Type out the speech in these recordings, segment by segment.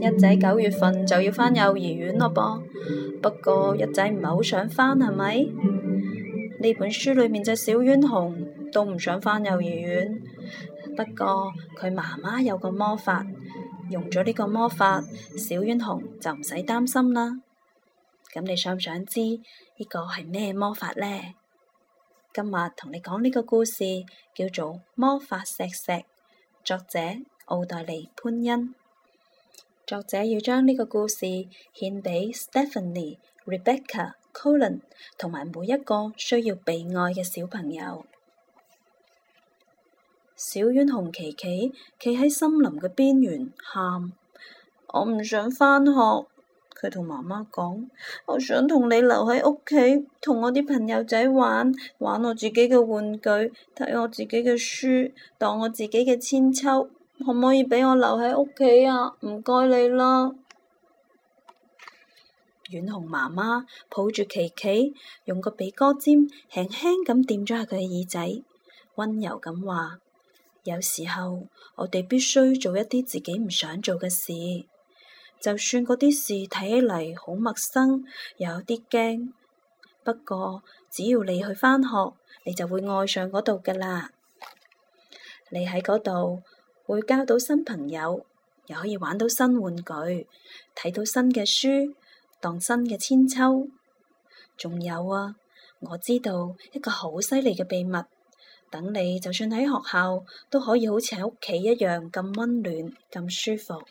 一仔九月份就要返幼兒園咯，啵。不過一仔唔係好想返，係咪？呢本書裏面隻小浣熊,都唔想返幼兒園。不過佢媽媽有個魔法，用咗呢個魔法，小浣熊就唔使擔心啦。咁你想唔想知呢個係咩魔法咧？今日同你講呢個故事叫做《魔法錫錫》，作者奧黛麗潘恩。作者要將呢個故事獻畀 Stephanie、Rebecca、Colin 同埋每一個需要被愛嘅小朋友。小浣熊琪琪企喺森林嘅邊緣，喊：我唔想返學。佢同媽媽講：我想同你留喺屋企，同我啲朋友仔玩，玩我自己嘅玩具，睇我自己嘅書，當我自己嘅千秋。可唔可以俾我留喺屋企啊？唔該你啦，浣熊媽媽抱住琪琪，用個鼻哥尖輕輕咁掂咗下佢嘅耳仔，温柔咁話：有時候我哋必須做一啲自己唔想做嘅事，就算嗰啲事睇起嚟好陌生，又有啲驚。不過只要你去返學，你就會愛上嗰度噶啦。你喺嗰度。會交到新朋友，又可以玩到新玩具，睇到新嘅書，當新嘅千秋，仲有啊！我知道一個好犀利嘅秘密，等你就算喺學校都可以好似喺屋企一樣咁溫暖咁舒服。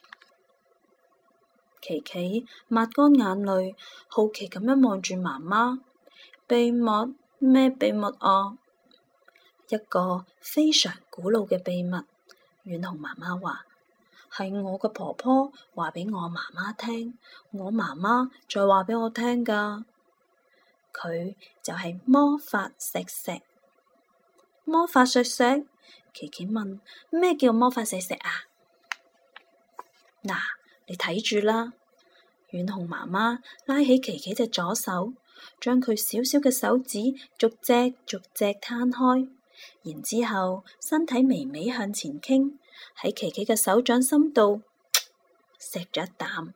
琪琪抹乾眼淚，好奇咁樣望住媽媽，秘密？咩秘密啊？一個非常古老嘅秘密。浣熊媽媽話：係我個婆婆話畀我媽媽聽，我媽媽再話畀我聽㗎。佢就係魔法錫錫，魔法錫錫。琪琪問：咩叫魔法錫錫啊？嗱，你睇住啦。浣熊媽媽拉起琪琪隻左手，將佢小小嘅手指逐隻逐隻攤開。然之後，身體微微向前傾，喺琪琪嘅手掌心度，錫咗一啖。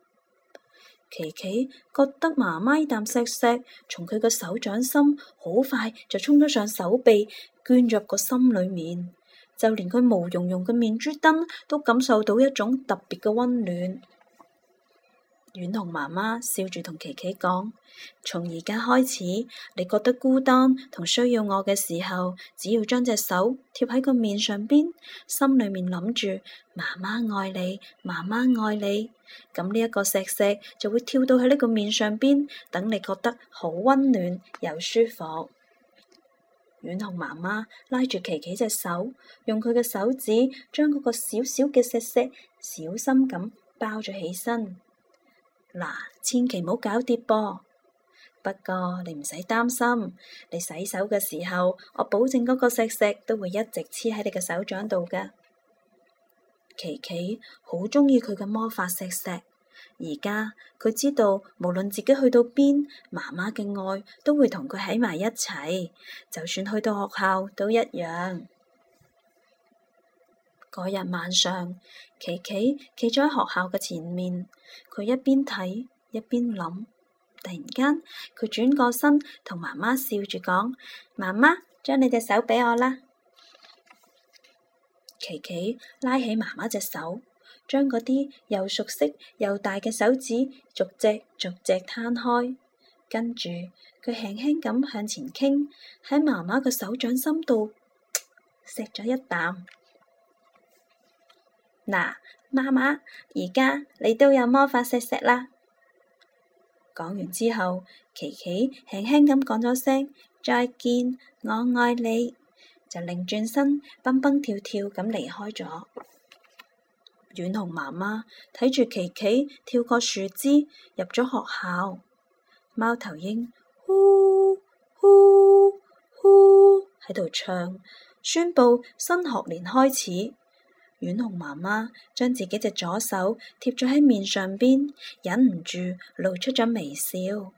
琪琪覺得媽媽一啖錫錫，從佢嘅手掌心好快就衝咗上手臂，鑽入個心裏面，就連佢毛茸茸嘅面珠墩都感受到一種特別嘅溫暖。浣熊媽媽笑住同琪琪講：從而家開始，你覺得孤單同需要我嘅時候，只要將隻手貼喺個面上邊，心裏面諗住媽媽愛你，媽媽愛你。咁呢一個錫錫就會跳到喺呢個面上邊，等你覺得好溫暖又舒服。浣熊媽媽拉住琪琪隻手，用佢嘅手指將嗰個小小嘅錫錫小心咁包咗起身。嗱，千祈唔好搞跌噃。不過你唔使擔心，你洗手嘅時候，我保證嗰個錫錫都會一直黐喺你嘅手掌度㗎。琪琪好鍾意佢嘅魔法石石，而家佢知道無論自己去到邊，媽媽嘅愛都會同佢喺埋一齊，就算去到學校都一樣。嗰日晚上，琪琪企咗喺學校嘅前面，佢一邊睇一邊諗。突然間，佢轉過身，同媽媽笑住講：媽媽，將你隻手畀我啦。琪琪拉起媽媽隻手，將嗰啲又熟悉又大嘅手指逐隻逐隻攤開，跟住佢輕輕咁向前傾，喺媽媽嘅手掌心度錫咗一啖。嗱，媽媽，而家你都有魔法錫錫啦。講完之後，琪琪輕輕咁講咗聲再見，我愛你，就擰轉身，蹦蹦跳跳咁離開咗。浣熊媽媽睇住琪琪跳過樹枝，入咗學校。貓頭鷹呼呼呼喺度唱，宣布新學年開始。浣熊媽媽將自己隻左手貼咗喺面上邊，忍唔住露出咗微笑。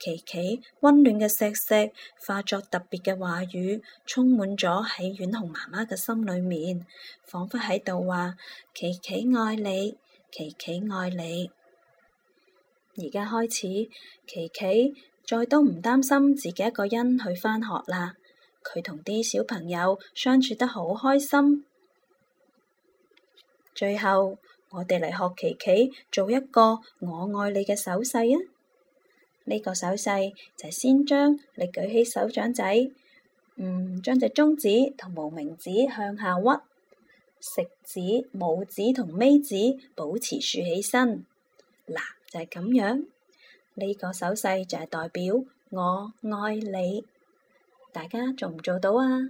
琪琪溫暖嘅錫錫化作特別嘅話語，充滿咗喺浣熊媽媽嘅心裏面，仿佛喺度話：琪琪愛你，琪琪愛你。而家開始，琪琪再都唔擔心自己一個人去返學啦。佢同啲小朋友相處得好開心。最後，我哋嚟學琪琪做一個我愛你嘅手勢啊！呢、這個手勢就係先將你舉起手掌仔，嗯，將隻中指同無名指向下屈，食指、拇指同尾指保持豎起身，嗱，就係、是、咁樣。呢、這個手勢就係代表我愛你，大家做唔做到啊？